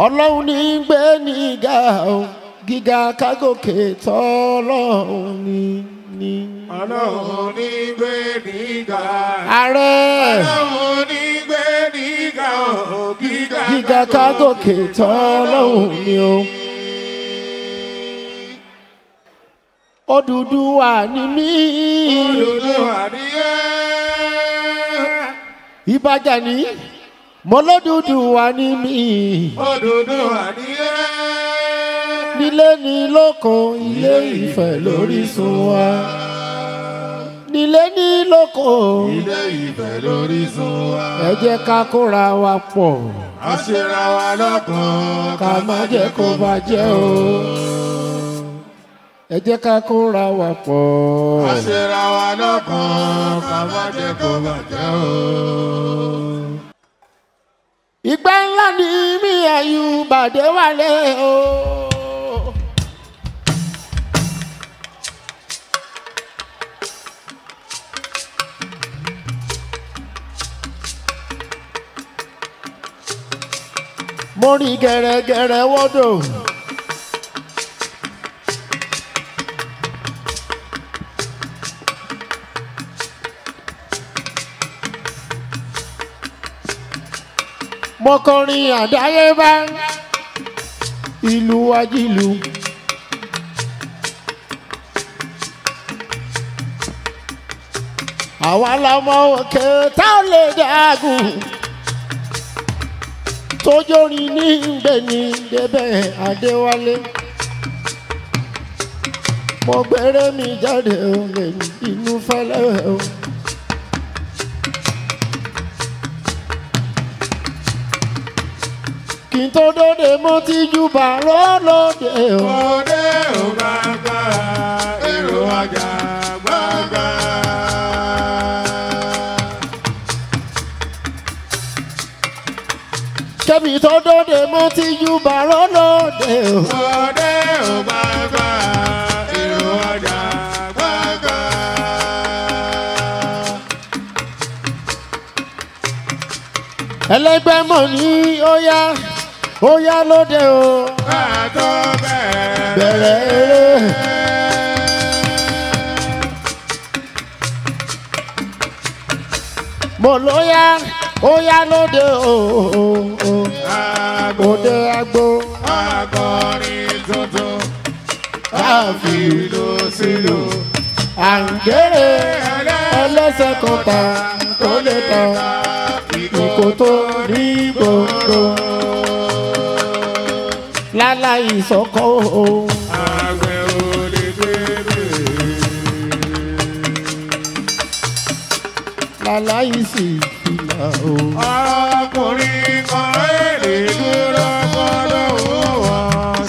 ọlọ́run ní í gbé ní ìgá gíga kágòkè tọ́lọ́run ní ní. ọlọ́run ní í gbé ní ìgá. ààrẹ. ọlọ́run ní í gbé ní ìgá gíga. gíga kágòkè tọ́lọ́run ní o. Odùduwà ni mí. Odùduwà ni Ìbàjẹ́ ni mọlódùdù wà ní mi. òdùdù wà ní ẹ́. nílé ní lóko ilé ìfẹ́ lórísun wa. nílé ní lóko ilé ìfẹ́ lórísun wa. ẹ jẹ́ ká kóra wa pọ̀. a ṣera wa lọ́kàn ká má jẹ́ kó bàjẹ́ o. ẹ jẹ́ ká kóra wa pọ̀. a ṣera wa lọ́kàn ká má jẹ́ kó bàjẹ́ o ìgbẹ́ ńlá ni mí ẹ̀yìn bàdé wálé o. mo rí gẹ̀rẹ́gẹ̀rẹ́ wọ́dọ̀. mo kọrin àdáyébá ìlú ajílù. àwa lọmọ òkè tá ò lè dàgùn tójórin ní gbẹ̀ni débẹ̀ adéwálé mo mi jáde òun lè inú fẹ́lẹ́ o. kí n tó mo ti ju bàró lóde o. òde ò gbàgbà èrò ọjà gbàgbà. kẹ́mi tó dóde mo ti ju bàró lóde o. òde ò gbàgbà èrò ọjà gbàgbà. ẹlẹgbẹ́ mọ̀ ní ó yá. Oh yeah. Oya yá lóde o. ká tó bẹ̀rẹ̀. bẹ̀rẹ̀ eré. mo ló yá lóde o. òde agbo. akọrin tuntun káfí ló sílò. àǹgẹ̀rẹ̀ ẹlẹ́sẹ̀ kọta tó lè ta ìkòkò ní gbogbo láláì sọ́kọ́ o. àgbẹ̀ ò lè bèrè. láláì sì fìlà o. ọkùnrin kan èrè dúró gbọ́dọ̀ ó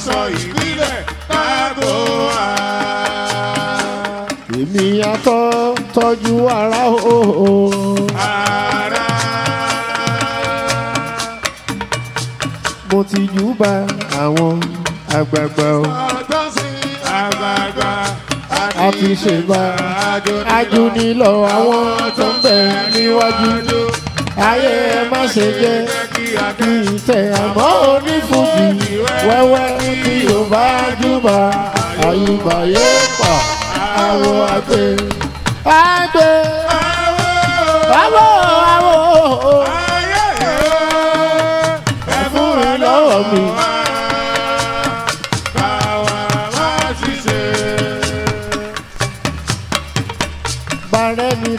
sọ ìbílẹ̀ káàbò wá. èmi atọ́ tọ́jú ara o. ara. mo ti jù bá àwọn àgbààgbà o. àgbààgbà a fi ṣègbà ajúnilọ àwọn tó ń bẹ níwájú. ayé ẹ má ṣe jẹ́ kí ìtẹ̀ àmọ́ onífújì wẹ́wẹ́ tí ò bá júbà àyùbáyé pa àwọn àgbẹ̀. àgbẹ̀ àwọ̀ àwọ̀.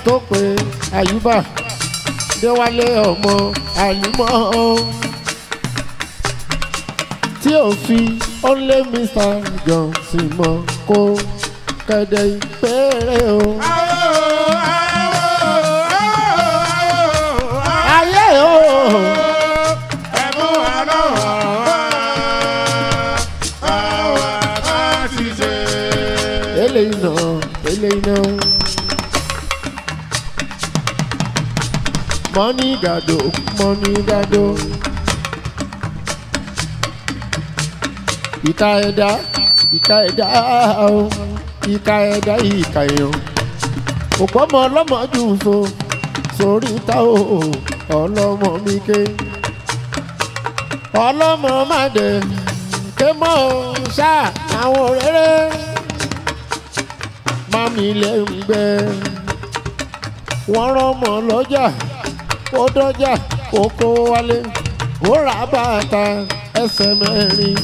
tó pe àyùbá déwálé ọmọ àlùmọ́ tí ò fi only Mr. Johnson mọ́ kó kẹ̀dẹ̀ ìpẹ́ẹ́rẹ́ o. Money gado, money gado. Ìka ẹ̀dá, ìka ẹ̀dá o, ìka ẹ̀dá ìka ẹ̀yàn. Òpó ọmọ ọlọ́mọ jù so, sórí ta o, ọlọ́mọ mi ké. Ọlọ́mọ má dé, ké mọ́ o, ṣáà àwọn rere. Mami lè ń gbẹ, wọ́n rọ́mọ lọ́jà ó dọ́jà ó kó wálé ó ra bàtà ẹsẹ̀ mẹ́rin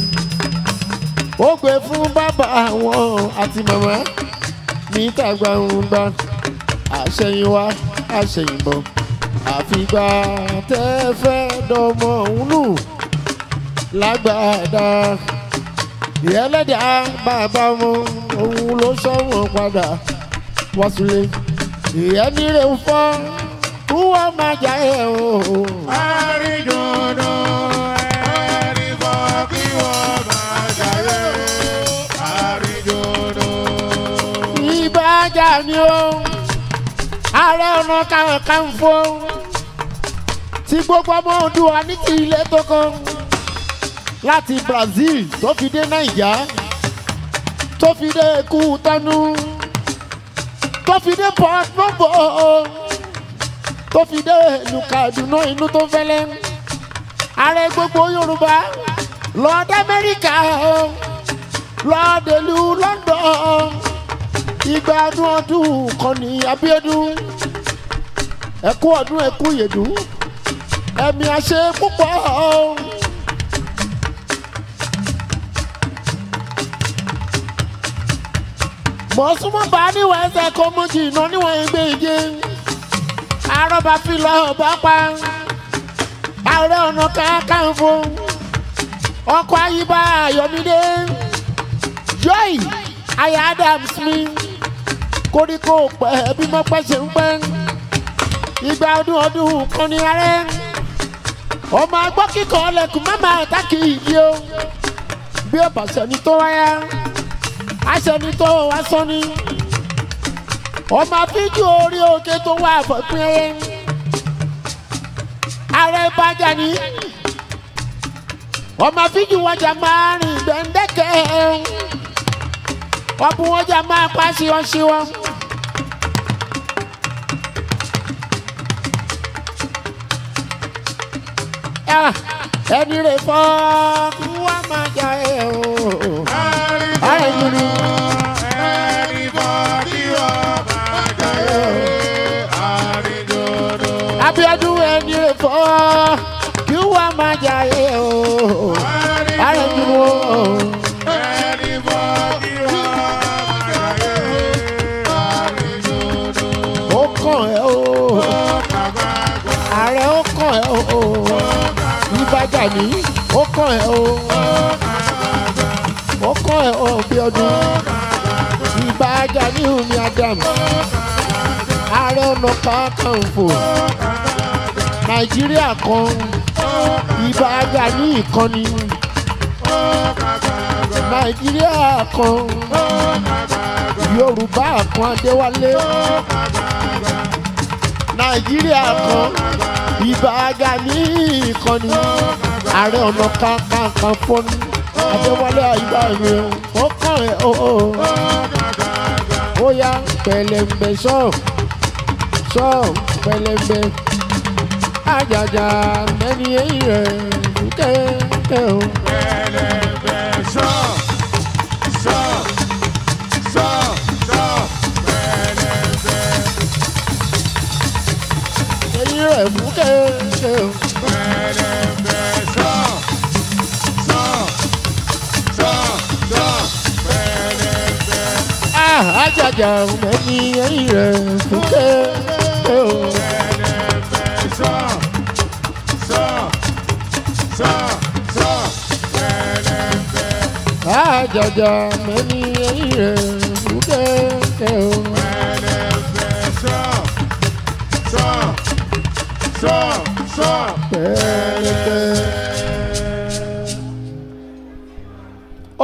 ó gbé fún bàbá àwọn àti màmá níta gbangba àṣẹyìnwá àṣẹyìnbọ̀ àfìgbà tẹ́ fẹ́ dọmọ òun nù lágbàdá ìyẹlẹ́dàá bàbá mu òun ló sọ wọn padà wá sílé ń fọ́ wọ́n máa jà ẹ́ o. àrídùnnú ẹ̀rí bọ́ kí wọ́n máa jà ẹ́ o. àrídùnnú. ìbájà ni ó ààrẹ ọ̀nà kakanfò tí gbogbo ọmọ Oòduà ti ilé tó kàn Brazil tofide fi dé Naija tofide fi dé Kútọ́nù tó fi Port Moresby tó fi dé ìlú Kaduna inú tó fẹ́lẹ́ ààrẹ gbogbo Yorùbá lọ́ọ́dẹ Amẹ́ríkà lọ́ọ́dẹ̀lú London ìgbà ọdún ọdún kọ́ni Abíọ́dún ẹ̀kú ọdún ẹ̀kú yèdùn ẹ̀mí àṣẹ púpọ̀. mọ̀ọ́sùmọ̀ bá níwọ̀n ẹsẹ̀ kọ́mọ́jì iná níwọ̀n ẹgbẹ́ ìjẹun arọ́ba fìlà ọba pa ààrẹ ọ̀nà kakanfò ọkọ̀ ayíba ayọ̀mídé joy aya adams mi koríko pẹ̀ bí mo pẹ́ ṣe ń pẹ́ ìgbà ọdún ọdún kan ní arẹ́ ọmọ agbọ́ kíkọ́ ọlẹ́kùn mọ́mọ́ àtàkì ìdí o bí ọ̀bàṣẹ́ ni tó wáyà aṣẹ́ tó wá sọ́ni ọmọ fíjì orí òkè tó wà fọpin ẹyẹ ààrẹ ìbàjẹ́ ni ọmọ fíjì wọjà máa rìn gbẹ̀ǹdẹ̀kẹ́ ọ̀bùn wọjà máa pa ṣíwọ́ṣíwọ́. Ah, ẹni rẹ̀ fọ́ kí wọ́n máa jẹ ẹ̀ o. jayé o arẹjú o. ó kàn ẹ́ o ààrẹ ó kàn ẹ́ o ìbàjá ni ó kàn ẹ́ o ó kàn ẹ́ o bí ọdún ìbàjá ni Wùmí Adam ààrẹ ọ̀nà Kakanfò nàìjíríà kan ibà Gani ìkànnì nàìjíríà kan yorùbá kan adéwálé nàìjíríà kan ibà Gani ìkànnì ààrẹ ọ̀nà kankan fọ́nù adéwálé àyíká ìwé ó kàn ẹ́ ó ó ó yá pẹ̀lẹ́mbẹ̀ sọ sọ pẹ̀lẹ́mbẹ̀ àjàjà mẹ́ni eyín rẹ̀ lù kẹ́kẹ́ o. pẹlẹbẹ sọ sọ sọ sọ pẹlẹbẹ. eyín rẹ̀ lù kẹ́kẹ́ o. pẹlẹbẹ sọ sọ sọ sọ pẹlẹbẹ. àjàjà mẹ́ni eyín rẹ̀ lù kẹ́kẹ́ o. sọ sọ pẹ̀lẹ́pẹ̀. àjọjọ mẹ́ni ẹ̀yẹ ìbúkẹ́ o. pẹ̀lẹ́pẹ̀ sọ sọ sọ sọ pẹ̀lẹ́pẹ̀.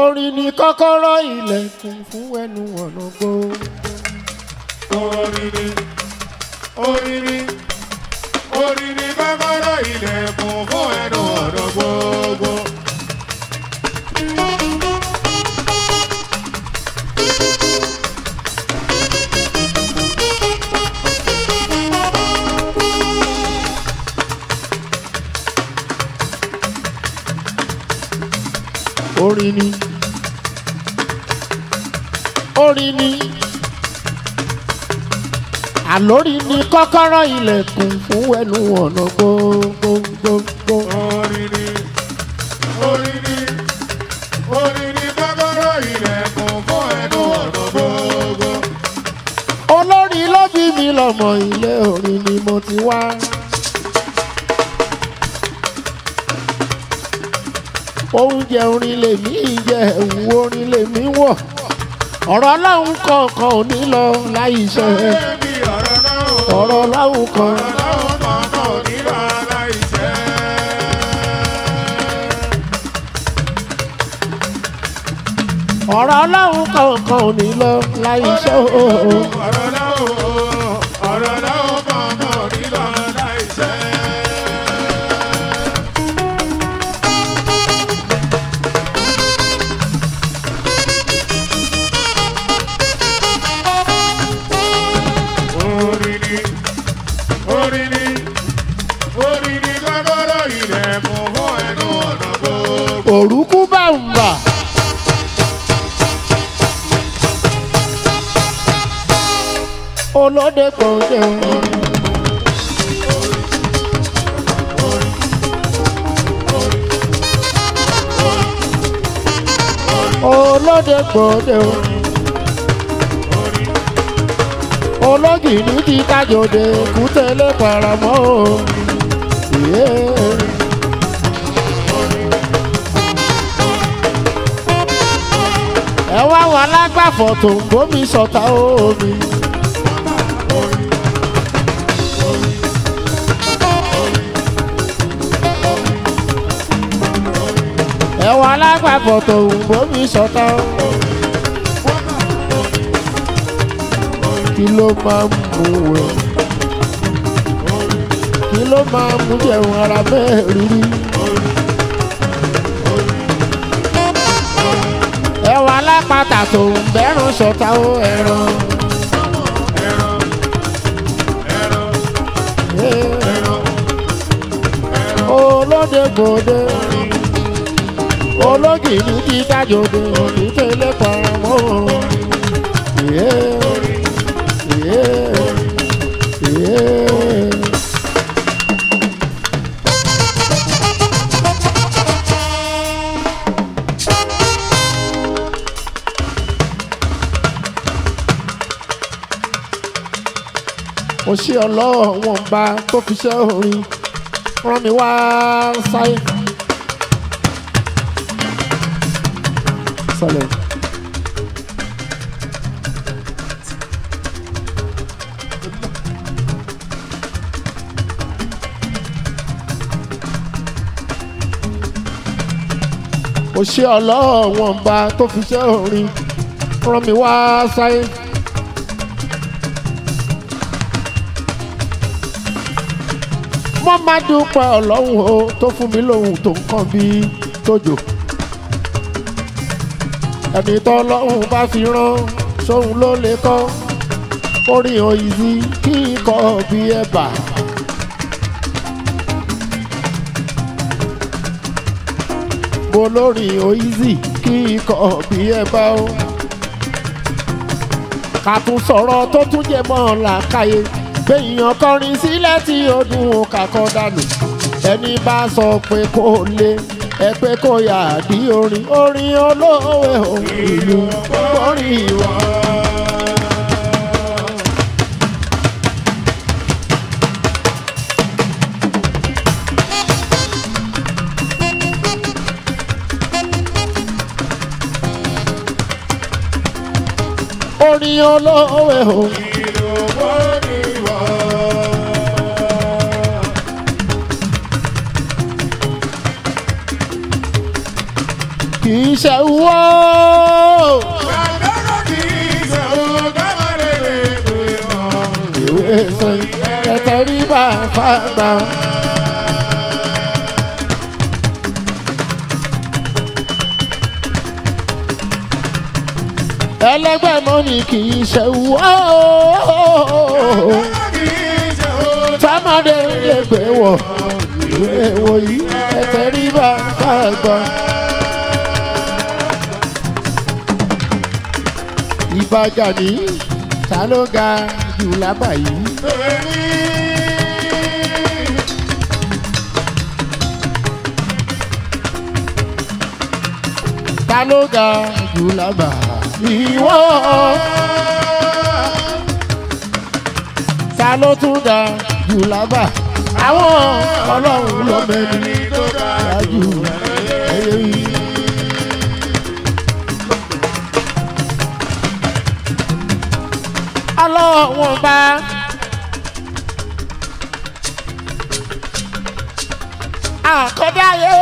orin ni kọ́kọ́rọ́ ilẹ̀kùn fún ẹnu ọ̀nà gbó. orin ni orin ni orin ni kọ́kọ́rọ́ orin ni orin ni àlórí ni kọ́kọ́rọ́ ilẹ̀kùn fún ẹnu ọ̀nà gbogbogbò. oríire oríire oríire kọ́kọ́rọ́ ilẹ̀kùn fún ẹnu ọ̀nà gbogbo. olórí ló bí mi lọ́mọ ilé orin ni mo ti wá. oúnjẹ orin lèmi jẹ ẹ̀wù orin lèmi wọ̀ ọ̀rọ̀ ọlọ́run kọ̀ọ̀kan ò ní lọ láì ṣe ọ̀rọ̀ láwùn kan. ọ̀rọ̀ láwùn kan náà nílò aláìṣẹ́. ọ̀rọ̀ láwùn kan ò nílò aláìṣẹ́. ọ̀rọ̀ láwùn kan. ọmọdé kan ò jẹun. olóde kan ò jẹun. ológìní ti kájọdé kútẹ́lẹ̀ paramọ́ o. Yeah. ẹ wá wọn alágbàfọ̀ tó ń bómi sọ̀tà omi. ẹ̀wọ̀n alágbàfọ̀ tòun bómi sọ̀tọ̀. kí ló máa ń mú wẹ̀ kí ló máa ń mú jẹun ara bẹ́ẹ̀ rírí. ẹ̀wọ̀n alápatà tòun bẹ́rùn sọ̀tà ó ẹran. olóde gbòde ológìní ti dájòdò olùtẹ̀lẹ̀ pàmò. mo ṣe ọlọ́wọ́n bá tó fi ṣe orin rán mi wá sáyé. Jerusalem. ó ṣe ọlọ́wọ́n bá tó fi ṣe orin rán mi wá sáyé. mo máa dúpẹ́ ọlọ́run tó fún mi lóhun tó ń kàn bí tójò ẹ̀mí tọ́lọ́hún bá fi rán sóhun ló lè kọ́ orin òyìnbí kí n kọ́ bí ẹ̀bà. mo lórin òyìnbí kí n kọ́ bí ẹ̀bà o. ká tún sọ̀rọ̀ tó tún jẹ mọ́ làákàyè gbẹ̀yìn kọrin sílẹ̀ tí ó dùn ó dànù ẹni bá sọ pé kò lè ẹ pé kó yà bí orin orin olóòwe òun ìlú orin ìwọ. orin olóòwe òun. àgbà. ẹlẹgbẹ́ mọ́ ni kì í ṣe wọ́. sámọ́dé lè gbé wọ̀ ìwé wo yìí ẹ̀tẹ̀ rí bá àgbà. ìbàjá ni ta ló ga jù lábàá ta ló ga jù lágbà ìwọ. ta ló tún ga jù lágbà àwọn ọlọ́run ló mẹ́ni tó ga jù ẹyẹ yìí. ọlọ́run bá. àkọ́dá yẹ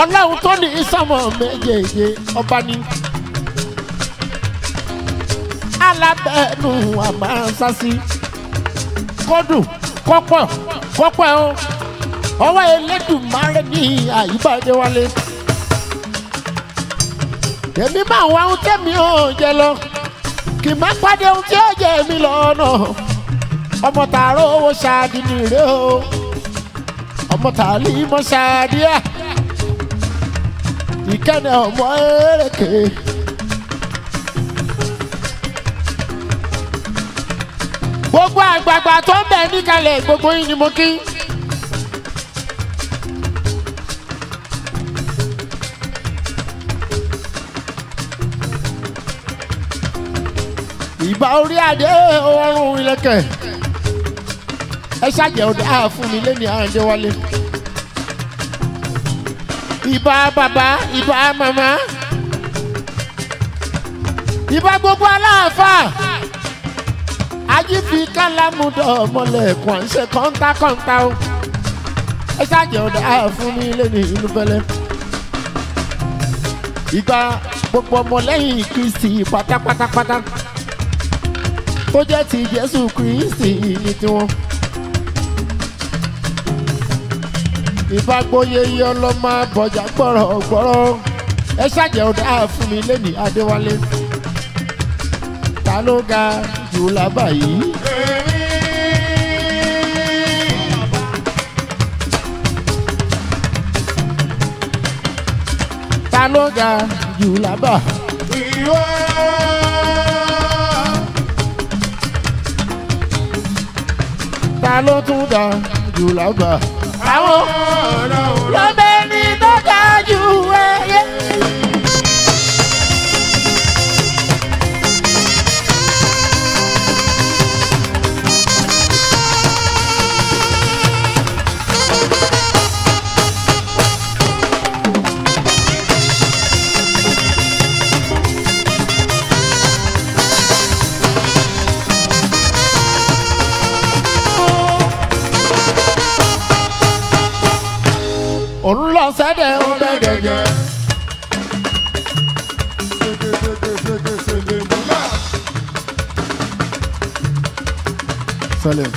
ọlọ́run tó ní ìsọmọ méjèèjì ọba ni. alábẹ́nu àmàṣásí kọ́dù kọ́pọ̀ kọ́pọ̀ o ọwọ́ Elédùmarè ní àyíbáyé wálé. èmi máa wá ohun tẹ́mi ò jẹ lọ kì má pàdé ohun tí ó jẹ mi lọ́nà ọmọ tààrà owó ṣáàdì nìrè o ọmọ tààlí mọ́ ṣáàdì ẹ̀ kana mueleke gbogbo àgbààgbà tó ń bẹ̀ níkàlẹ̀ gbogbo yìí ni mo kí. ìbá orí adé ọrùn ìlẹ̀kẹ̀ ẹ ṣàjẹ́ ọ̀dà fún mi lẹ́ni àjẹwálé ìbà bàbá ìbà màmá ìbà gbogbo aláàfáà ajífi kálámùdọ̀ ọmọlẹ̀kùn àṣẹ kọ́ńtà kọ́ńtà o ẹ ṣáàjẹ́ ọ̀dà fún mi lẹ́nu ìlú fẹ́lẹ́ ìgbà gbogbo ọmọlẹ́yìn Kristi pátápátápátá tó jẹ́ ti Jésù Kristi ní tiwọn. ìbágbóyè yọ lọ́mọ àbọ̀jà gbọ́rọ̀ gbọ́rọ̀ ẹ ṣàjẹ́ ọ̀dà fún mi lẹ́ni Adéwálé ta ló ga jù lábà yìí. ta ló ga jù lábà. ìwọ. ta ló tún ga jù lábà. àwọn. no. sẹ́dẹ̀ ó bẹ́ gẹ̀gẹ́. sọlẹ̀.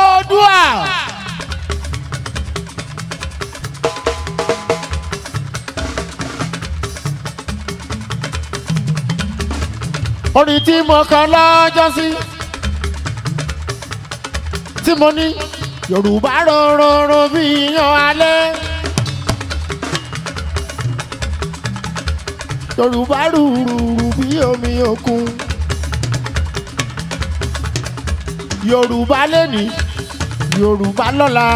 Oòduà. orí tí mo kàn lọ́jọ́ sí tí mo ní. Yoruba, Yorùbá rọrùn bí yan alẹ́. Yorùbá rùrùrù bí omi òkun. Yorùbá lẹ́ni Yorùbá lọ́la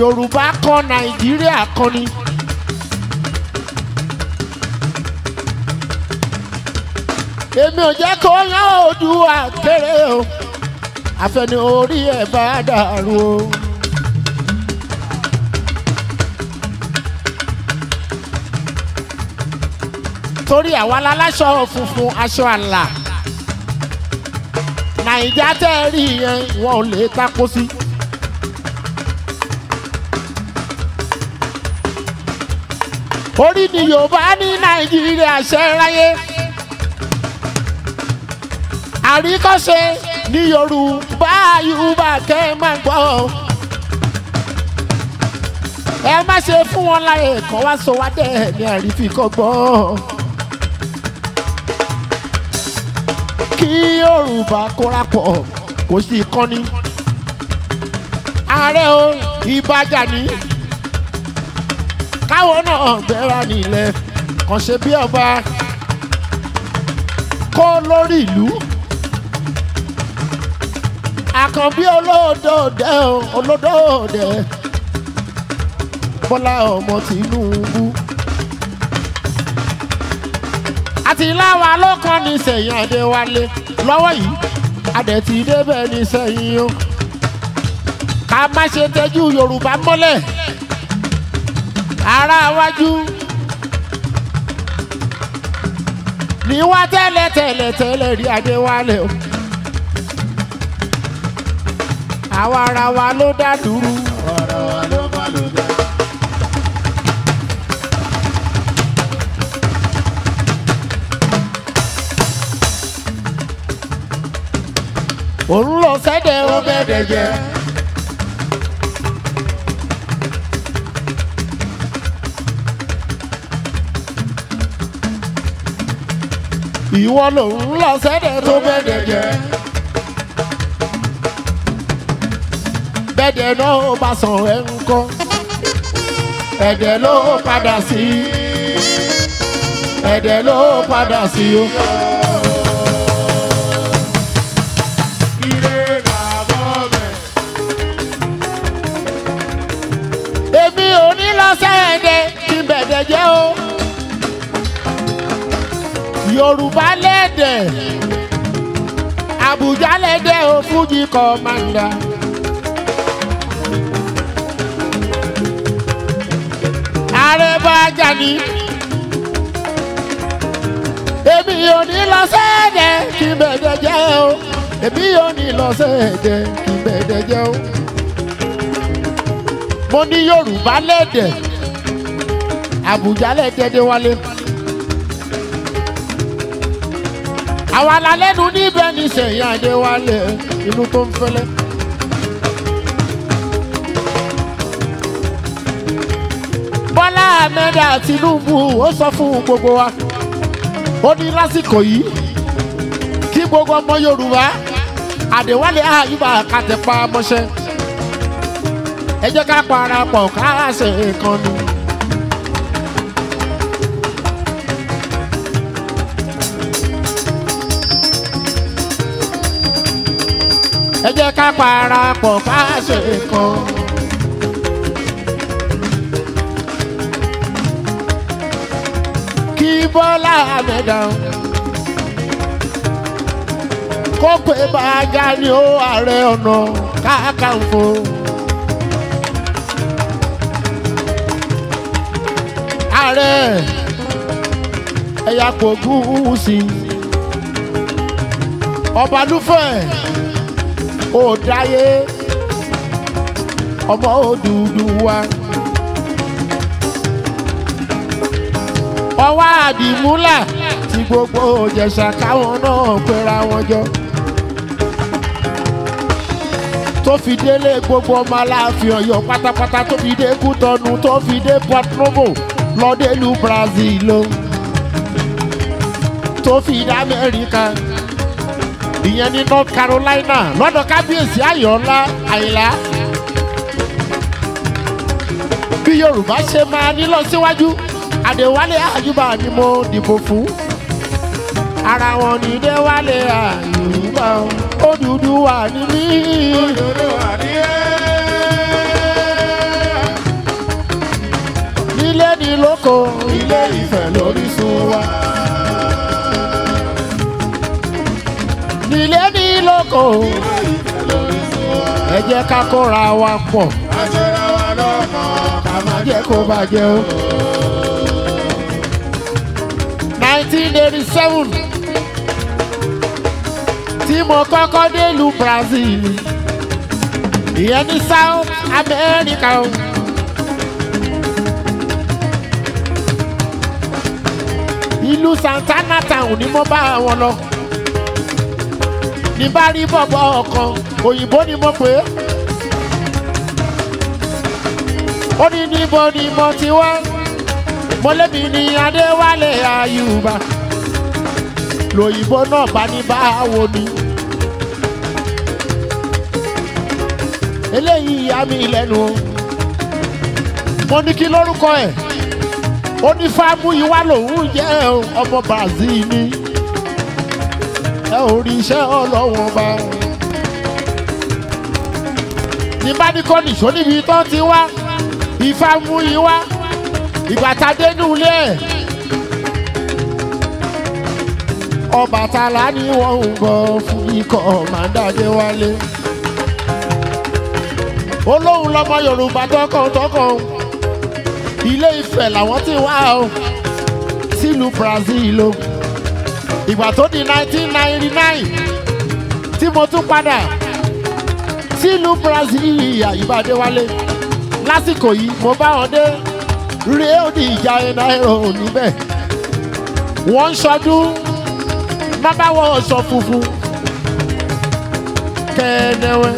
Yorùbá kan Nàìjíríà kan ni. èmi ò jẹ́ kó yán Oòduà kéré o àfẹni orí ẹ̀ bá dàrú o. torí àwa láláṣọ funfun aṣọ àlà nàìjà tẹ́ ẹ rí yẹn wọn ò lè takò sí. orí ni yorùbá ní nàìjíríà ṣe ráyé àríkọ́ṣe ní yorùbá báyìí bá kẹ́ ẹ máa gbọ́ ọ. ẹ má ṣe fún wọn láyè kan wá sọ wá dẹ́ ní àrífi kọ́gbọ́n. kí Yorùbá kóra pọ̀ kò sí kọ́ni. ààrẹ o ìbàjá ni káwọn náà gbéra nílẹ̀ kàn ṣe bí ọba kó lórí ìlú àkànbí olódòdè olódòdè bọ́lá ọmọ tìǹbù àti láwa ló kàn ní sẹ́yìn adéwálé lọ́wọ́ yìí adẹ̀ ti débẹ̀ ní sẹ́yìn o ká má ṣe tẹ́jú yorùbá mọ́lẹ̀ ara wájú ni wá tẹ́lẹ̀ tẹ́lẹ̀ tẹ́lẹ̀ rí adéwálé o àwa ara wa ló dá dúró. ọ̀rọ̀ wa ló bá lò dá. òun lọ sẹ́dẹ̀ ó bẹ̀rẹ̀ jẹ́. ìwọ lòun lọ sẹ́dẹ̀ tó bẹ̀rẹ̀ jẹ́. bẹ́ẹ̀dẹ̀ ló bá sàn ẹ̀ ń kọ́ ẹ̀dẹ̀ ló padà sí ẹ̀dẹ̀ ló padà sí o. èmi ò ní lọ o yorùbá lẹ́dẹ̀ àbújá lẹ́dẹ̀ o fújì kọ́mándà. Àrèbájàní. èmi ò ní lọ sẹ́ẹ̀dẹ̀ kí n bẹ̀ẹ̀dẹ̀ jẹ́ o èmi ò ní lọ sẹ́ẹ̀dẹ̀ kí n bẹ̀ẹ̀dẹ̀ jẹ́ o. mo ní Yorùbá lẹ́dẹ̀ Àbújá lẹ́dẹ̀ dé wálé. àwa la níbẹ̀ ní sẹ̀yìn Adéwálé inú tó ń fẹ́lẹ́. àti Tinubu ó sọ fún gbogbo wa ó ní lásìkò yìí kí gbogbo ọmọ Yorùbá Àdéwálé Àyùbá kàtẹ́pá mọ́ṣẹ́ ẹ jẹ́ ká parapọ̀ ká ṣe nǹkan ni. ẹ jẹ́ ká parapọ̀ ká ṣe nǹkan. kí Bọ́lá Hammed kó pé bàjá ni ó ààrẹ ọ̀nà káàkàǹfò. ààrẹ ẹ̀yà kò gúúsì ọbalúfẹ̀ ò dáyé ọmọ Odùduwà. ọwọ́ àdìmúlà tí gbogbo Ìjẹ̀ṣà káwọn náà pera wọn jọ tó fi délé gbogbo ọmọ aláàfin Ọ̀yọ́ pátápátá tó fi dé Kútọ̀nù tó fi dé Port Novo lọdẹlú Brazil o tó fi dá Amẹ́ríkà ìyẹn ní North Carolina lọ́dọ̀ kábíyèsí Ayọ̀ọ́lá Àyìnlá bí Yorùbá ṣe máa ní lọ síwájú. Si Adéwálé Àyùbá ni mo dìbò fún ara wọn ní Déwálé Àyùbá Odùduwà ní mí. Odùduwà ní ẹ́. nílé ní lóko ilé Ifẹ̀ lórísun wa. nílé ní lóko ẹ jẹ́ ká kóra wa pọ̀. ká ṣe wa lọ́kàn ká má jẹ́ kó bàjẹ́ o. 1987. eighty seven tí mo kọ́kọ́ délùú Brazil ìyẹn ní South America o. ìlú Santana town ni mo bá wọn lọ ní bá rí bọ̀bọ̀ ọ̀kan òyìnbó ni mo pè é. ó ní níbo ni mo ti wá mọ́lẹ́bí ni adéwálé ayùbá lòyìnbó náà bá ní báwo ni. eléyìí yà mí lẹ́nu o mo ní kí lórúkọ ẹ̀ ó ní fáàmù yìí wá lòun jẹ́ ọmọ brazil ni ẹ ò rí iṣẹ́ ọlọ́wọ́n bá ní bá ní kọ́ni ìṣó níbi tó ti wá ìfáàmù yìí wá ìbàtà dénú ilé ẹ̀ Ọbàtálá ni wọ́n ń bọ fún ikọ̀ màdàdé wálé olóhùn lọ́mọ Yorùbá tọkàntọkàn Ilé Ifẹ̀ làwọn ti wá o sílùú Brazil o ìgbà tó di 1999 tí mo tún padà sílùú Brazil ìyá ìbàdé wálé lásìkò yìí mo bá wọn dé. Real di ìjà ẹ̀dá ẹ̀rọ òní bẹ́ẹ̀ wọ́n ń ṣọdún má bá wọ ọ̀ṣọ́ funfun kẹ́ẹ̀nẹ́wẹ́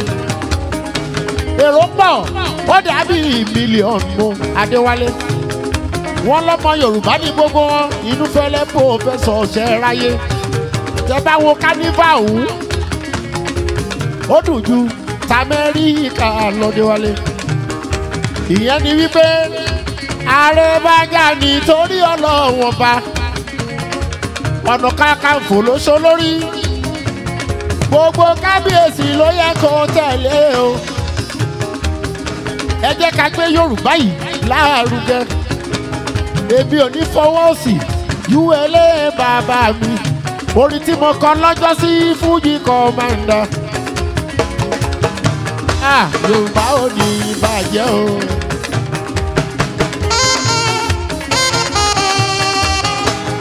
èrò pọ̀ ó dàbí mílíọ̀nù mọ́ Adéwálé wọ́n lọ́mọ Yorùbá ní gbogbo wọn inú fẹ́lẹ́ bò fẹ́ ọ̀ṣẹ́ ráyé tẹ́ wo kánífà òun ó dùn ju t'Amẹ́ríkà lọ Déwálé ìyẹn ni wípé àrèbájà nítorí ọlọ́wọ́n bá ọ̀nà kakanfò ló so lórí gbogbo kábíyèsí ló yẹ kó tẹ̀lé o ẹ jẹ́ ká gbé yorùbá yìí lárugẹ èmi ò ní fọwọ́ sí uẹlé bàbá mi orin tí mo kọ lọ́jọ́ sí fújì kọ́mándà ah, yorùbá ò ní bàjẹ́ o.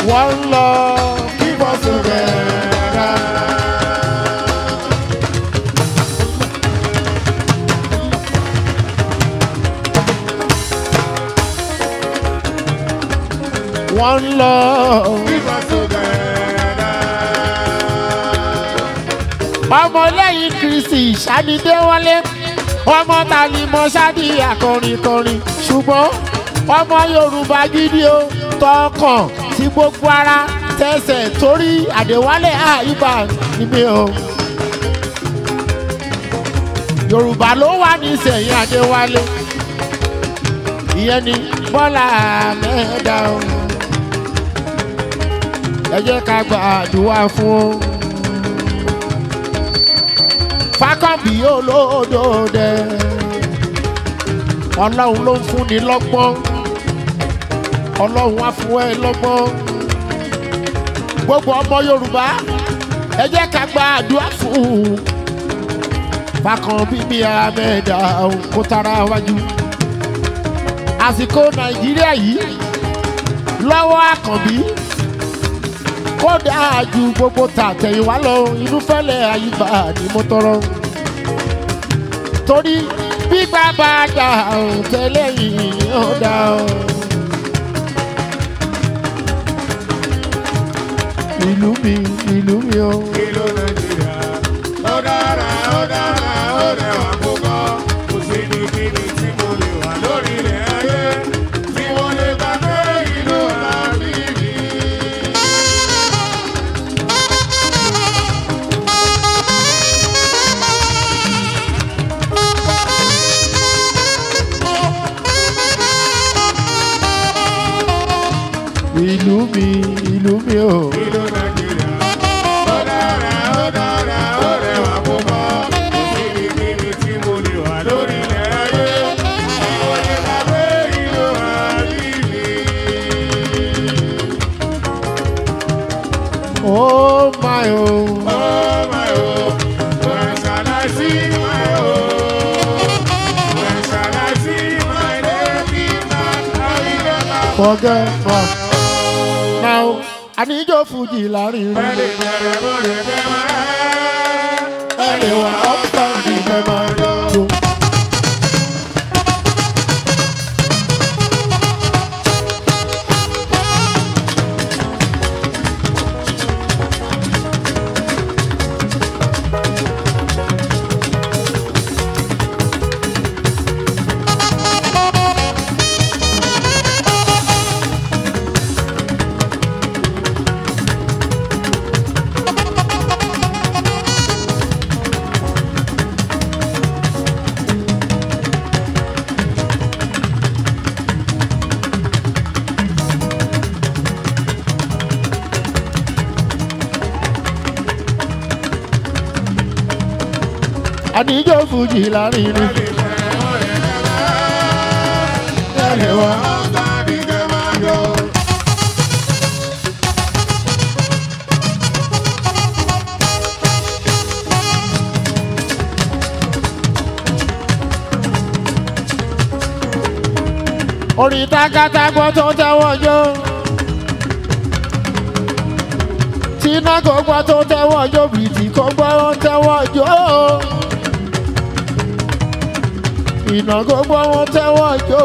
One love, keep us together. One love. keep us together. ọmọ lẹ́yìn kristi ṣàdídéwọlé ọmọ tàlímọ̀ ṣáàdì akọrin kọrin ṣùgbọ́n ọmọ yorùbá gidi o tọkàn àti gbogbo ara tẹsẹ̀ torí àdéwálẹ̀ àyíbá níbí o. Yorùbá ló wà nísẹ̀yìn àdéwálé ìyẹn ni Bọ́lá mẹ́ẹ̀ẹ́dá o. Ẹ jẹ́ ká gba àdúrà fún o. Fákànbí olódòdè ọlọ́run ló ń fúnni lọ́gbọ́n ọlọ́run á fún ẹ lọ́gbọ́n gbogbo ọmọ yorùbá ẹ jẹ́ ká gba àdúrà fún un Fákànbí Ahmed kó tara wájú àsìkò nàìjíríà yìí lọ́wọ́ àkànbí kódà ju gbogbo tàtẹ̀yìnwá lọ inú àyíká ni mo tọrọ torí bí bàbá dà tẹ́lẹ̀ yìí ó dà ọ́. ìlú mi ìlú mi o. Oh. ìlú mi. àníjó fújì lárí rẹ̀. fújì lárinrin. orí takatagbọ́ tó tẹ́wọ́ jó tí náà kò gbọ́ tó tẹ́wọ́ jó bìtì kò gbọ́ tó tẹ́wọ́ jó ìnàgó gbọ́ wọn tẹ́wọ́ jó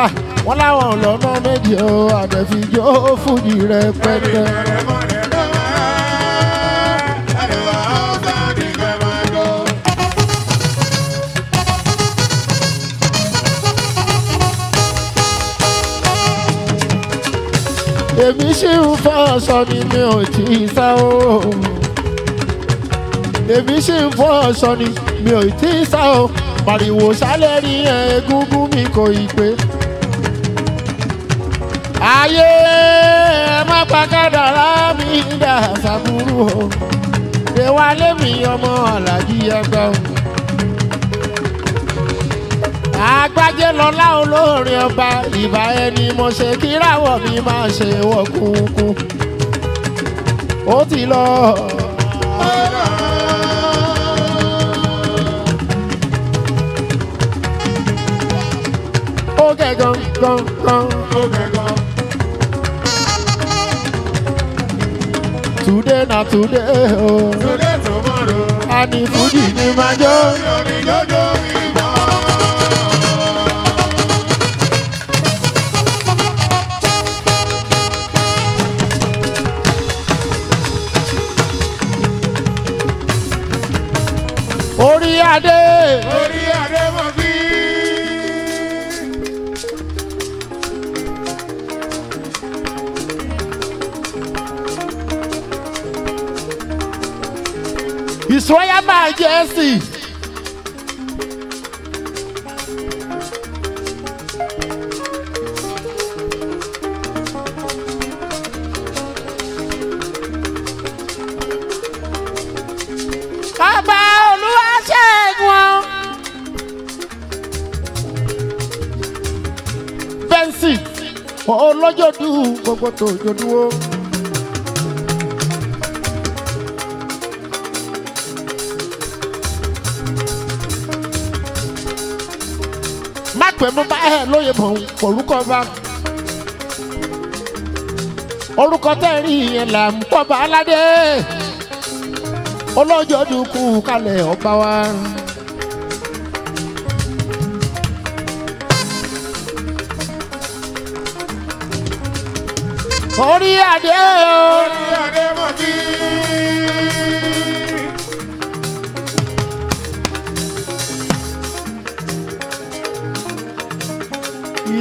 ah, wọ́n láwọn ọlọ́mọ méje o àdẹ̀fíjó fújì rẹ̀ pẹ́pẹ́. èmi ṣì ń fọ́ aṣọ ni mi ò tí ì sá o èmi ṣì ń fọ́ aṣọ ni mi ò tí ì sá o pariwo sálẹ̀ rí ẹ egungun mi kò ì pé. ayé ẹ má pa kádàrá mi dà sàbúrú o ìwálé mi ọmọ alájí ẹgbẹ́ o. agbájé lọlá olórin ọba ìbá ẹni mo ṣe kíráwọ̀ mi máa ṣe wọ̀kùnkùn ó ti lọ. bẹ gan gan gan. Today na today Oh. Today tomorrow. A ní Fújì ni máa jó. Orin lójó kíyèsí. Bàbá Olúwa ṣẹ́gun ọ. Bẹ́ńsì, dùn gbogbo tó jọ dúró. ẹ̀ eh, lóye orúkọ bá orúkọ tẹ́rì yẹn là ń kọ́ba aládé ọlọ́jọ́ dúkú kalẹ̀ ọba wa. orí adé o. orí adé mo ti.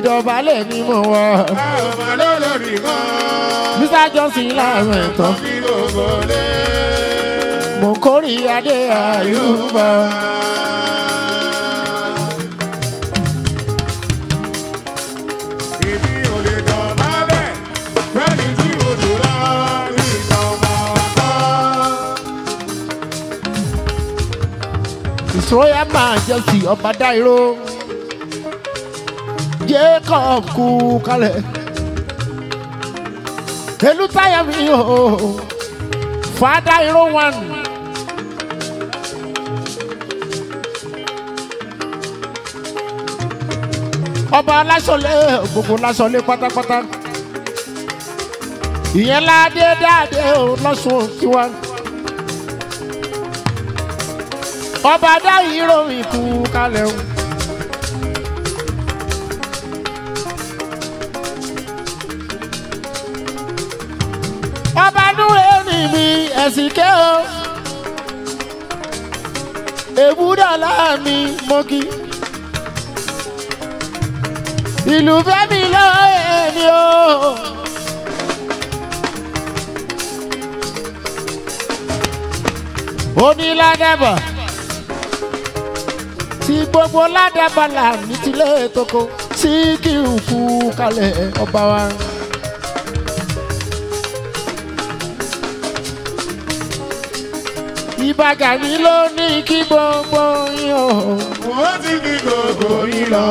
ìdọ̀bálẹ̀ ni mo wọ̀. ọmọ lọ́lọ́rì kan. Mr. Johnson láàrin ẹ̀tàn. mo kórè adé àyùbá. Royal man Chelsea ọba Dairo. Jacob kú kalẹ̀ Taya mi o fada irun wan. ọba Aláṣọlé gbogbo Aláṣọlé pátápátá ìyẹn ládé dáadé o lọ́sùn tiwa. ọba dá ìròyìn kú kalẹ̀ o. ẹ̀sìn kẹ́ o èbúdà láàmì mọ́kì ìlú fẹ́mi lọ́wọ́ ẹni o. onílàdàbà tí gbogbo ládàbà là ní tilé toko sí kí n fún kalẹ̀ ọba wa. Ìbà Gani ló ní kí gbogbo yín o. wọ́n ti fi gbogbo yín lọ.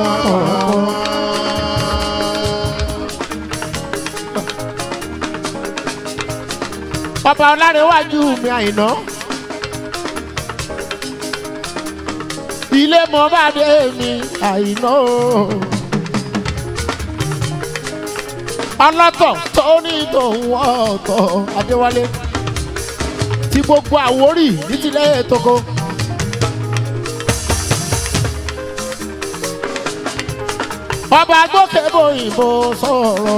ọba ọlárẹ̀wájú mi àìná. ilé mọ bá dé mi àìná o. ọlọ́tọ̀ tó ní tòun ọ̀tọ̀ Adéwálé gbogbo Àwórì ní tilẹ̀ ètòkò. ọba gbókèbó ìbò sọ̀rọ̀.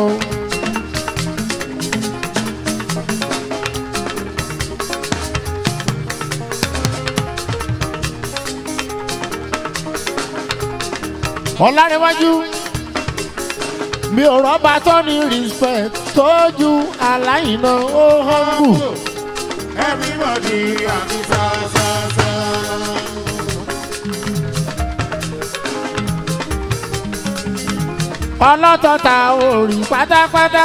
ọ̀làríwájú mi ò rọ́bà tó ní respect tójú aláìná ó hàn gùn everybody happy sa sa sa. ọlọ́tọ̀ta ò rí pátápátá.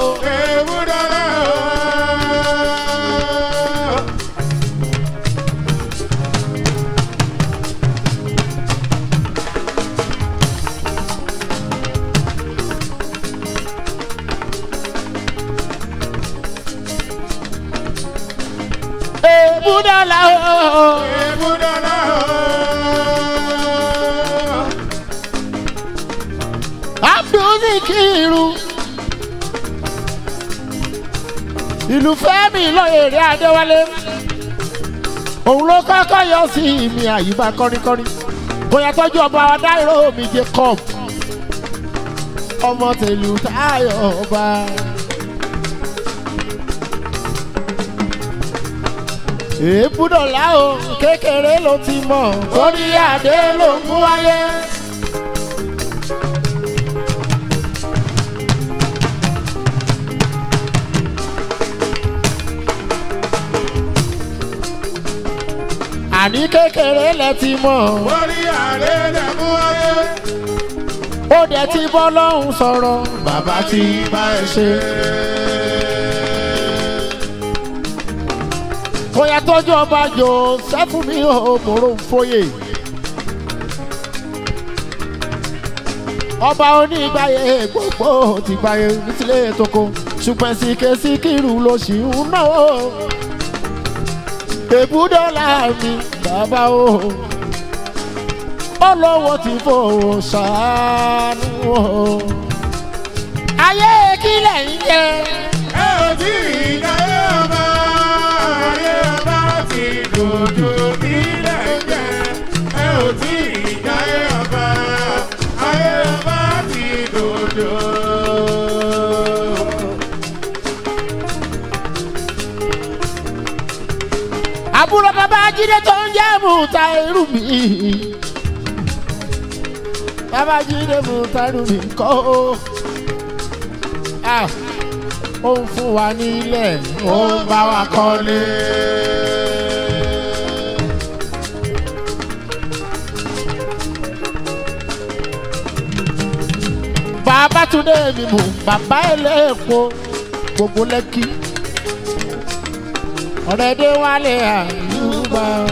kírun ìlú fẹ́mi lóyèrè adéwálé òun ló kọ́kọ́ yọ sí mi àyíbá kọ́ríkọ́rí bóyá tọ́jú ọba adáìró mi jẹ kọ́m ọmọ tèlú táyọ̀ ọba. èébú dọ̀lá o kékeré ló ti mọ̀ orí adé ló ń mú wáyé. àní kékeré lẹ ti mọ̀. orí ààrẹ rẹ̀ mú ayé. ó dẹ̀ ti bọ́ lọ́hùn sọ̀rọ̀. bàbá ti bá ẹ ṣe. ó yá tọ́jú ọba jò sẹ́fù mi ò mòrò ń fòye. ọba onígbàyè gbogbo ti gbàyè nítílé toko ṣùgbọ́n síkẹ́síkìrù ló ṣì ń náwó tèbúdọ́là mi bàbá o ọlọ́wọ́ ti fòwò ṣàánú o. ayé kílẹ̀ ń jẹ. ẹ ò tí ì jẹ́. Babájídé tó ń jẹ́ Mutairu mi. Babájídé Mutairu mi kọ́ ó. Ah, ó ń fún wa nílẹ̀, ó ń bá wa kọ́lé. Babátúndé mi mú bàbá ẹlẹ́ẹ̀kọ́ gbogbo lẹ́kì. Ọ̀rẹ́dẹ́wálé à bá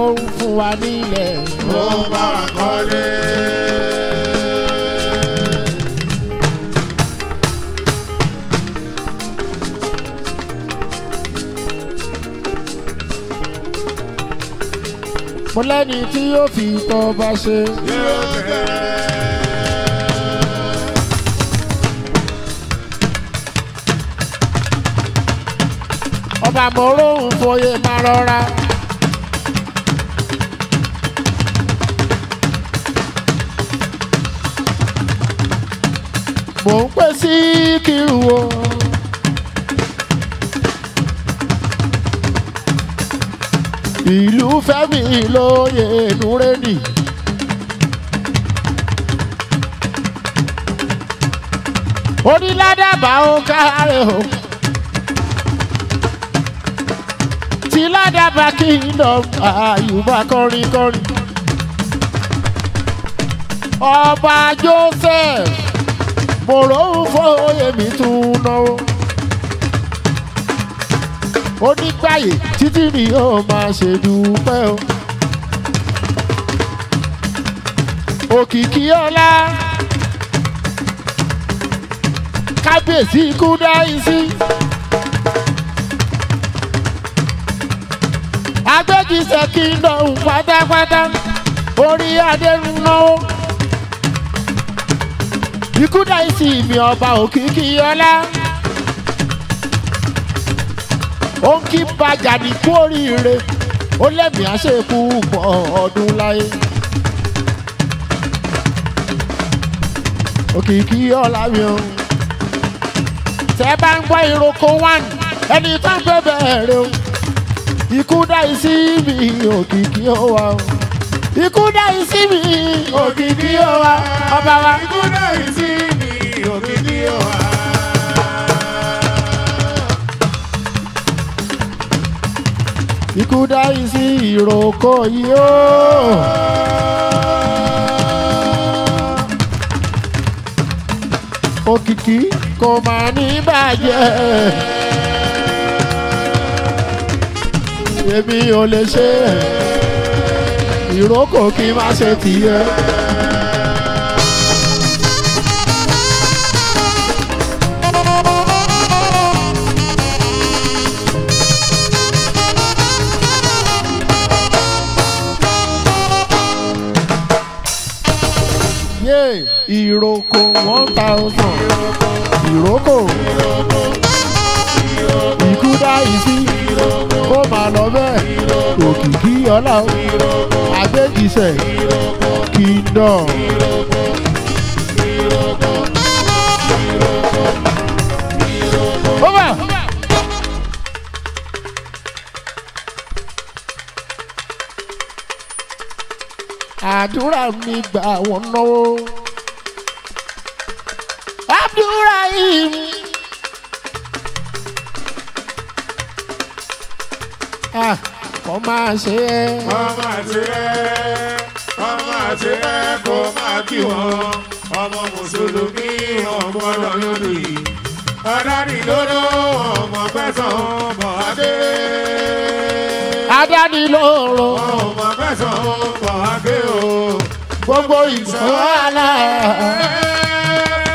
ó ń fún wa nílẹ̀. ó bá wa kọ́lé. mo lẹ́ni tí yóò fi tọ́ bá ṣe. yóò bẹ̀rẹ̀. ọba mọ̀ọ́rọ̀ òun fòye máa rọra. mò ń pè sí kírun o. ìlú fẹ́mi lóye nùrẹ́nì. onílàdàbà ó kárẹ̀ o. tìlàdàbà kingdom àyùbá kọrin kọrin. ọba Joseph mọ̀rọ̀ ń fọ́ oyè mi tún náwó. onígbàyè títí mi yóò máa ṣe dúpẹ́ o. òkìkí ọlá kábíyèsí ikú dáhìn sí. agbẹ́jìṣẹ́ kí n lọ pátápátá orí adé ń náwó ikú dáì sí ìmì ọba òkìkí ọlá ó ń kí bàjá ní kú oríire ó lẹ́mí àṣekú pọ̀ ọdún láyé. òkìkí ọlá mi ò tẹ́ bá ń gbọ́ ìrókò one ẹni tó ń gbé bẹ̀rẹ̀ o ikú dáì sí ìmì òkìkí ọwà o ikú dáì sí ìmì òkìkí ọwà ọba wa ikú dáì sí. ikú dá sí ìrókò yìí ó. òkìkí kò máa ní bàjẹ́. èmi ò lè ṣe ìrókò kí n má ṣe tìyẹ. ìrókò one thousand ìrókò ìkúdá ìsí ó máa lọ bẹ́ẹ̀ òkìkí ọlá àgbéjìṣẹ́ kingdom. àdúrà mi gbà wọ́n náwó. máa ṣe é. wọ́n máa ṣe é wọ́n máa ṣe é kó máa kí wọn ọmọ mùsùlùmí ọmọ lọ́yọ́ nìyí adánilóró ọmọ fẹsán ọmọ adé. adánilóró ọmọ fẹsán ọmọ adé o. gbogbo ìsọ̀ àlà.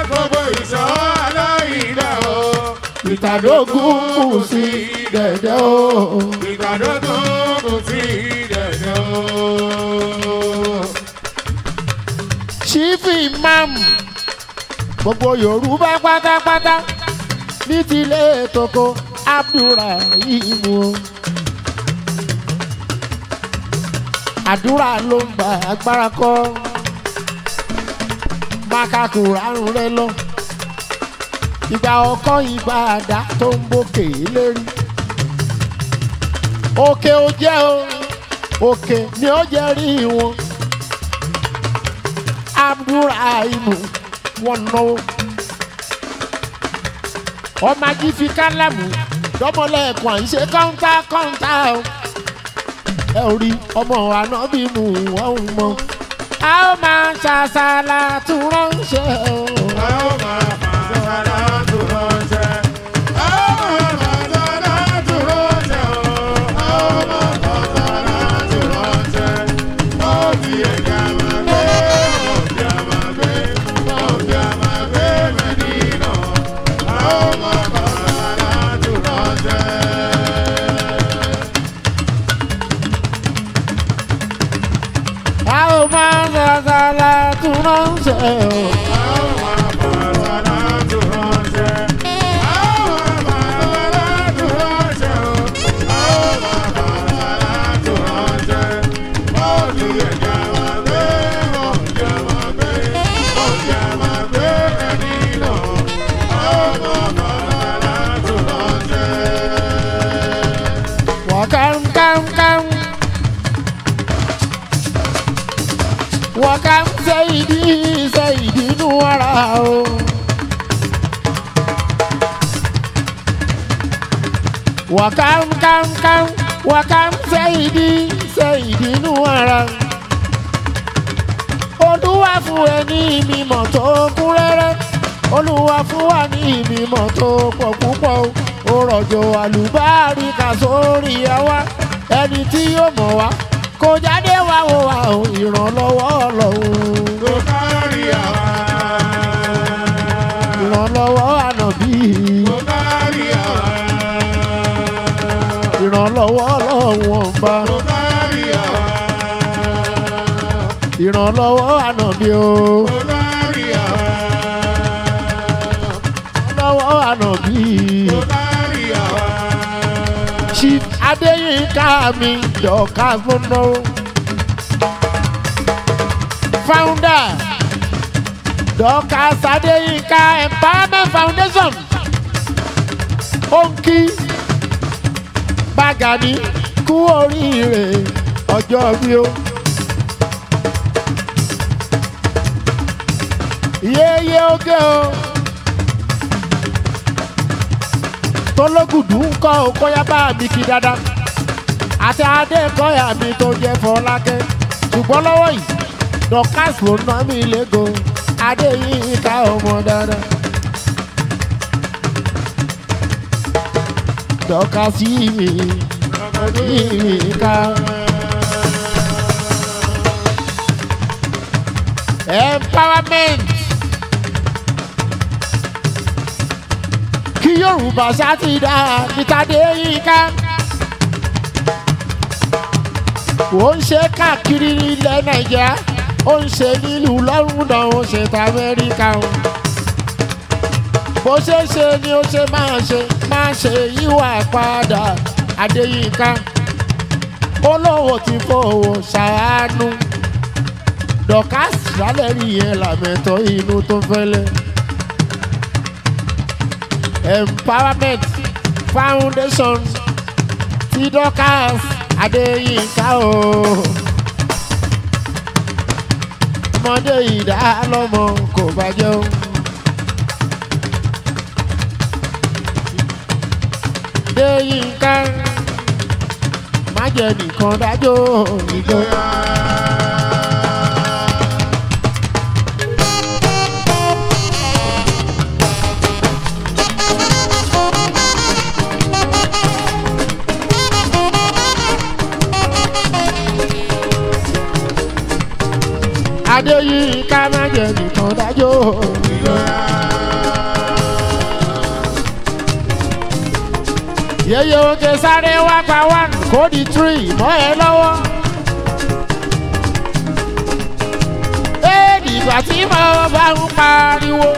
gbogbo ìsọ̀ àlà ìdá o. ìtàdógún kù sí dẹ̀dẹ̀ o. ìtàdógún. sífì máàmù gbogbo yorùbá pátápátá ní tilé toko abdulrahim o. àdúrà ló ń gba agbára kọ́ mákàkù rárun rẹ lọ ìgbà ọkọ ìgbà tó ń bòkè lérí òkè ó jẹ́ òkè ni ó jẹ́ rí wọn abdulrahim wọn náwó ọmọ ají fi kálámù dọ́mọlẹ́ẹ̀kan à ń ṣe kọ́ńtà kọ́ńtà o ẹ ò rí ọmọ ànábì mú wọn mọ a ó máa ṣàṣàlà tún o. o. wàkàm kam, wàkàm sẹ́yìndì seidi nù ara. olúwa fún ẹ ní ìmìmọ̀ tó kún rẹ́rẹ́ olúwa fún wa ní ìmìmọ̀ tó pọ̀ púpọ̀ ó rọ̀jò àlùbáríkà sórí ẹ wá ẹni tí yóò mọ̀ wá kò jáde wá wò wá ìrànlọ́wọ́ ọlọ́run. kò kárí àwa. bá. Mo kárí àwa. Ìrànlọ́wọ́ ànàbí o. Mo kárí àwa. Ìrànlọ́wọ́ ànàbí. Mo kárí àwa. Chief Adéyínká mi Dọ̀ka Gbóná. Founder Dọ̀ka Adéyínká Empowerment Foundation. Ó ń kí Bága ni kú oríire ọjọ́ bí ó. yéyé oge o tológùdù ń kọ́ òkóyá bá mi kí dáadáa àti adé kọ́yà mi tó jẹ́ fọlákẹ́ ṣùgbọ́n lọ́wọ́ yìí dorcas ló ná mi lẹ́gọ́ adé yìí ká ọmọ dáadáa. dorcas yìí oníyíká. empowerment kí Yorùbá ṣá ti dá Peter Adéyínká ó ń ṣe káàkiri ilẹ̀ Nàìjíríà ó ń ṣe nílùú London ó ń ṣe ta Amẹ́ríkà o bó ṣe ṣe ni ó ṣe máa ṣe máa ṣe yíwà padà adéyínká olówó ti fowó ṣàánú dọ̀kásì sálẹ̀rì yẹn làmẹ̀tọ́ inú tó fẹ́lẹ́ empowerment foundation ti dọ̀kásì adéyínká o ọmọdé ìdá lọ́mọ kò bàjẹ́ o. Adéyínká má jẹ́ nìkan dájọ́ ìjọ. Adéyínká má jẹ́ nìkan dájọ́ ìjọra. yeye oge sáré wá pa wá nù kó di three mọ́ ẹ lọ́wọ́. ẹ dìgbà tí mo bá ń pariwo.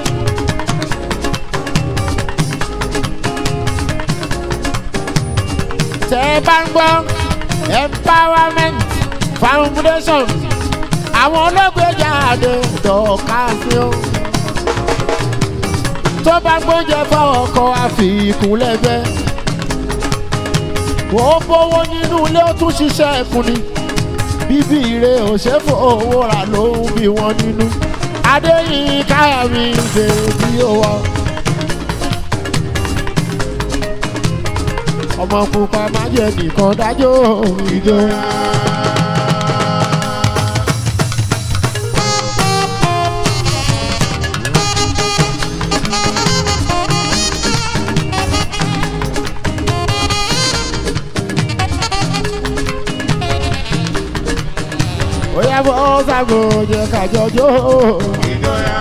tẹ bá ń gbọ́ empowerment foundation àwọn olóògbéjáde dọ̀ọ̀ká sí o tó bá gbóúnjẹ fọ́ ọkọ̀ àfikún ó bówó nínú ilé ó tún ṣiṣẹ́ fún ni bíbí ire ò fún owó rà ló ń bí wọn nínú adéyìn káyà mi ṣe bí ó wà. ọmọ pupa má jẹ nìkan dájọ́ ìjọba. lágbo jẹ́ kájọjọ́. ìjọra.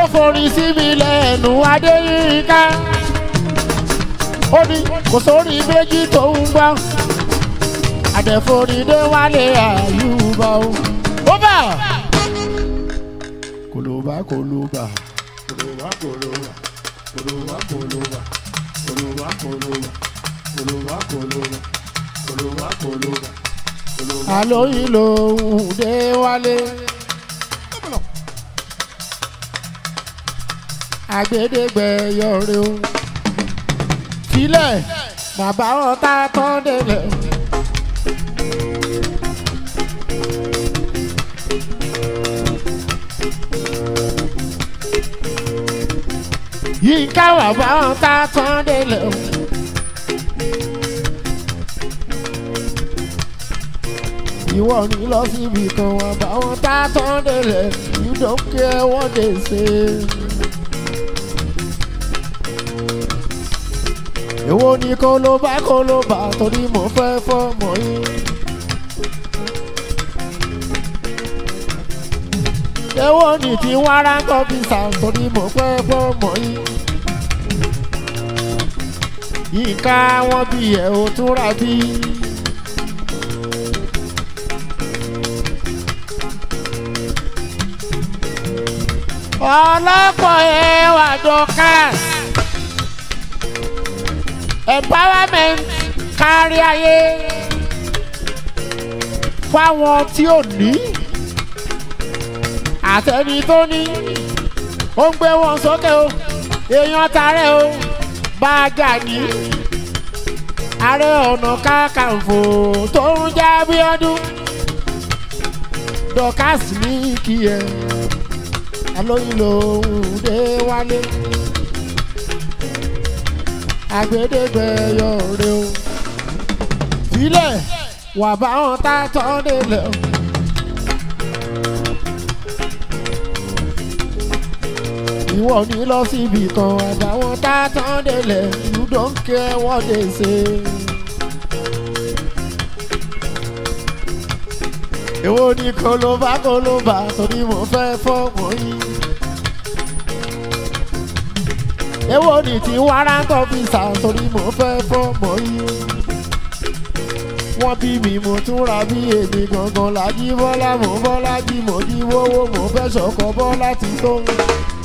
ó forin sí mi lẹ́nu adéyínká ó ní kò sórí méjì tó ń gbọ́ àdẹ̀forídé wálé àyùbá o. ó bà. kòlóbá kòlóbá kòlóbá kòlóbá kòlóbá kòlóbá kòlóbá kòlóbá kòlóbá àlóyìn lòun dé wálé. àgbédégbè yọrí o sílẹ̀ bàbá ọ̀tá tán délẹ̀. yíká bàbá ọ̀tá tán délẹ̀ o. ìwọ ní lọ síbi kan wọn bá wọn tá a tán délẹ̀ you don't care what they say. You call over, call over, to the ló for torí They want fọ́mọ to èwo ni kí wàrà kọ́fíìsà the mo for fọ́mọ yín. yíká wọn bí ẹ̀ ò túnra bí. ọlọ́pọ̀ ẹwà Dorcas empowerment kárí ayé fáwọn tí ò ní àtẹni tó ní ó ń gbé wọn sókè o èèyàn tarẹ̀ o bá a jà ní ààrẹ ọ̀nà kákàǹfò tó ń já bí ọdún Dorcas ní kí ẹ alóyún lòun dé wálé àgbédégbé yọ̀ọ̀rẹ́ o filẹ̀ wà bá wọn tá a tọ́ délẹ̀ o. ìwọ ní lọ síbi kan àbáwọn tá a tán délẹ̀ you don't care what they say. èwo ni kólóbá kólóbá torí mo fẹ́ fọ́ọ̀mù yín. èwo ni ti wárántọ́ fi sà torí mo fẹ́ fọ́ọ̀mù yín. wọ́n bí mi mo tún ra bí èmi gangan lájí bọ́lá mo bọ́lá jí mo jí wówó mo fẹ́ ṣọ̀kọ́ bọ́lá ti tó.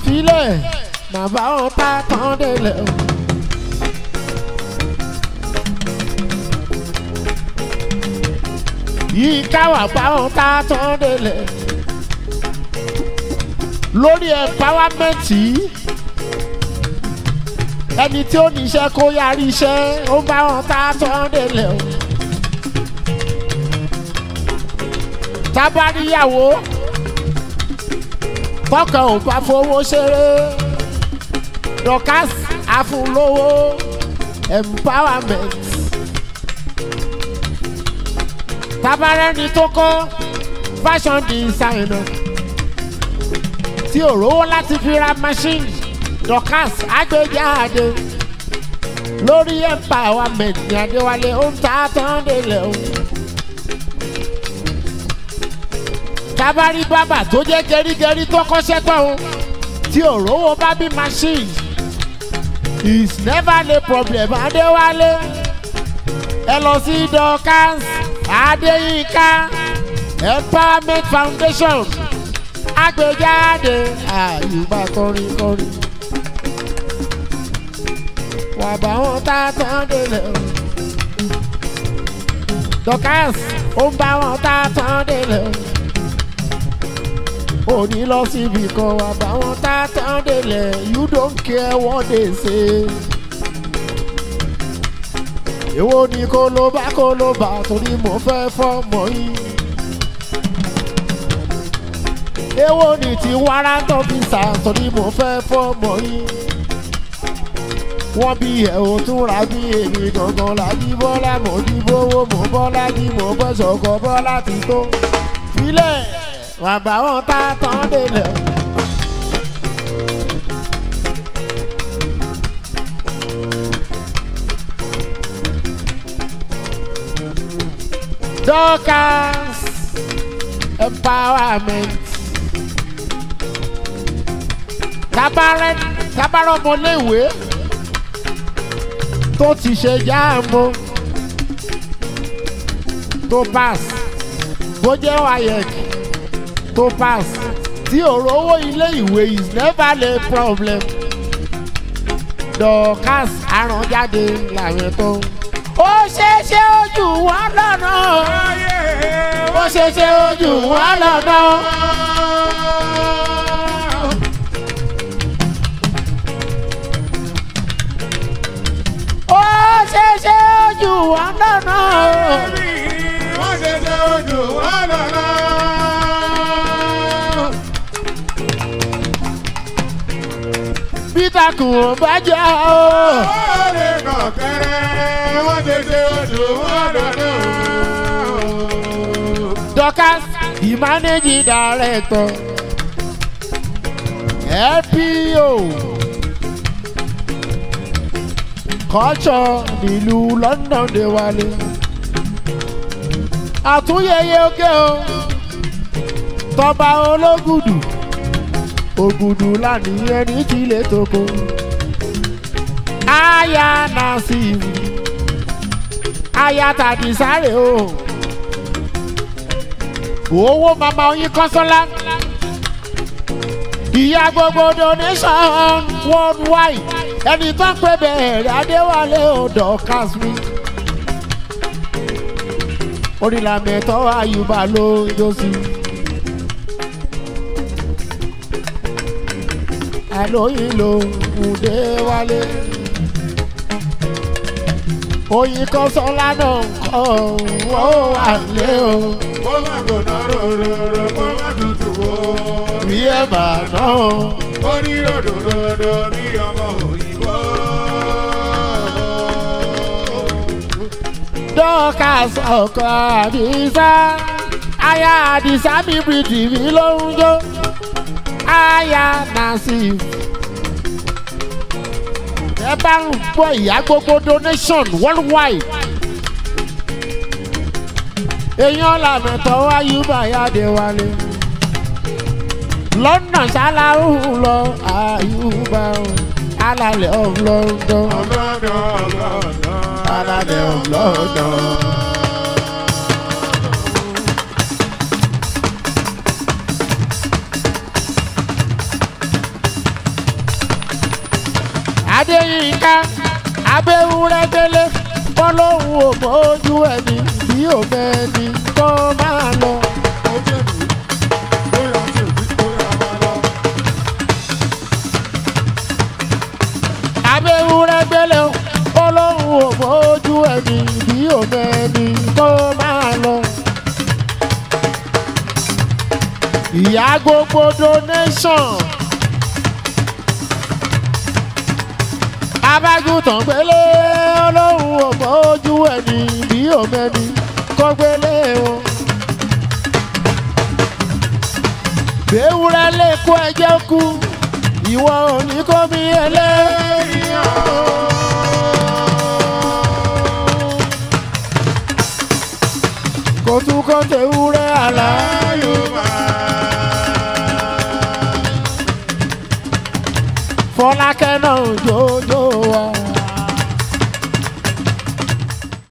filẹ̀ màbá ọ̀tá tán délẹ̀ o. yìí káwà báwọn tá a tán délẹ̀ lórí ẹ̀páwámẹ́ǹtì ẹni tí ó níṣẹ́ kó yarí iṣẹ́ ó báwọn tá a tán délẹ̀ o. tábàríyàwó kọ́kàn ò bá fowó ṣeré dọ́kásì àfúnlówó empowerment tabarẹ́ni tó kọ́ fashion designer tí ò rówó láti fi ra machine dorcas agbèjáde lórí empowerment ní adéwálé ó ń ta tán délẹ̀ o. tabari bàbà tó jẹ́ gẹ́rígẹ́rí tó kọ́ṣẹ́ tán o tí ò rówó bábí machine is never a problem adéwálé ẹ lọ sí dorcas. Adéyínká Empowerment Foundation agbèjáde àyùbá kọrin kọrin wà bá wọn tá a tán délẹ̀ o. Dorcas ó ń bá wọn tá a tán délẹ̀ o. òní lọ síbi kan wà bá wọn tá a tán délẹ̀ you don't care what they say èwo ni kó ló bá kó ló bá torí mo fẹ́ fọ́mọ yìí. Ewo ni ti wara tó fi sà torí mo fẹ́ fọ́mọ yìí. wọ́n bí ẹ̀ ò túnra bí èmi gangan láti bọ́lá mo di bówó mo bọ́lá ni mo bọ́ sọ̀kọ̀ bọ́lá ti tó. ilé bàbá wọn ta tán délẹ̀. Dorcas empowerment. Tabalẹ̀ tabalẹ̀ ọmọléèwé tó ti ṣe jáàmù tó pass bó jẹ́ wayek tó pass tí ọ̀rọ̀ owó ilé ìwé is never a problem. Dorcas àrùn jáde làwọn tó ń ó ṣeéṣe ojú wa lọ́nà ó ṣeéṣe ojú wa lọ́nà. ó ṣeéṣe ojú wa lọ́nà ó ṣeéṣe ojú wa lọ́nà. dákun ò bájá o. ó lè kàn kẹrẹ wọ́n ti ṣe oṣù wọn dandan. Dorcas the managing director LPO culture nílùú London dé wálé àtúnyẹyẹ oge o tọba ológùdù ògùdù lánì ẹni tí lè toko aya nasir aya tàbí sáré o owó mama oyin kọ́sọ́lá ìyá gbogbo donation worldwide ẹni tó ń pè bẹ́ẹ̀ adéwálé odò kásmi orílẹ̀-èdè tó ayùbá ló ń yọ sí i. àlóyìn ló ń dé wálé oyin kan sọ lánàá nǹkan ó wà lé o. kó má gbóná ròròrò kó má o. bí ẹ bá ná o. ó ní ròdòdòdò ní ọmọ òyìnbó. dọ́ọ̀kà sọ̀kọ̀ àdìsá aya àdìsá bíbí tìbí ló ń jó aya Nazeem. ẹ bá ń gbọ́ ìyá gbogbo donation worldwide. èèyàn lànà tọ́wọ́ ayúbà yáde wálé. lọ́nà sálárù lọ ayúbà alálẹ̀ of London. of London of London alálẹ̀ of London. yínká abéwúrẹ́ délé wọ́n lóhùn ò bójú bí ò bẹ́ẹ̀ ni kó máa lọ. abéwúrẹ́ délé wọ́n lóhùn ò bójú ẹni bí ò bẹ́ẹ̀ ni kó máa lọ. ìyá gbogbo donation. abágùntàn gbélé ọlọ́run ọ̀pọ̀ ojú ẹni bí òmẹ́ni kọ́ gbélé wọn. béwúrẹ́ lè kó ẹjẹ́ kú ìwọ òní kó mi ẹlẹ́rìí kò tún kọ́ tẹ̀wúrẹ́ àlàyé. Like an old jòjò wá.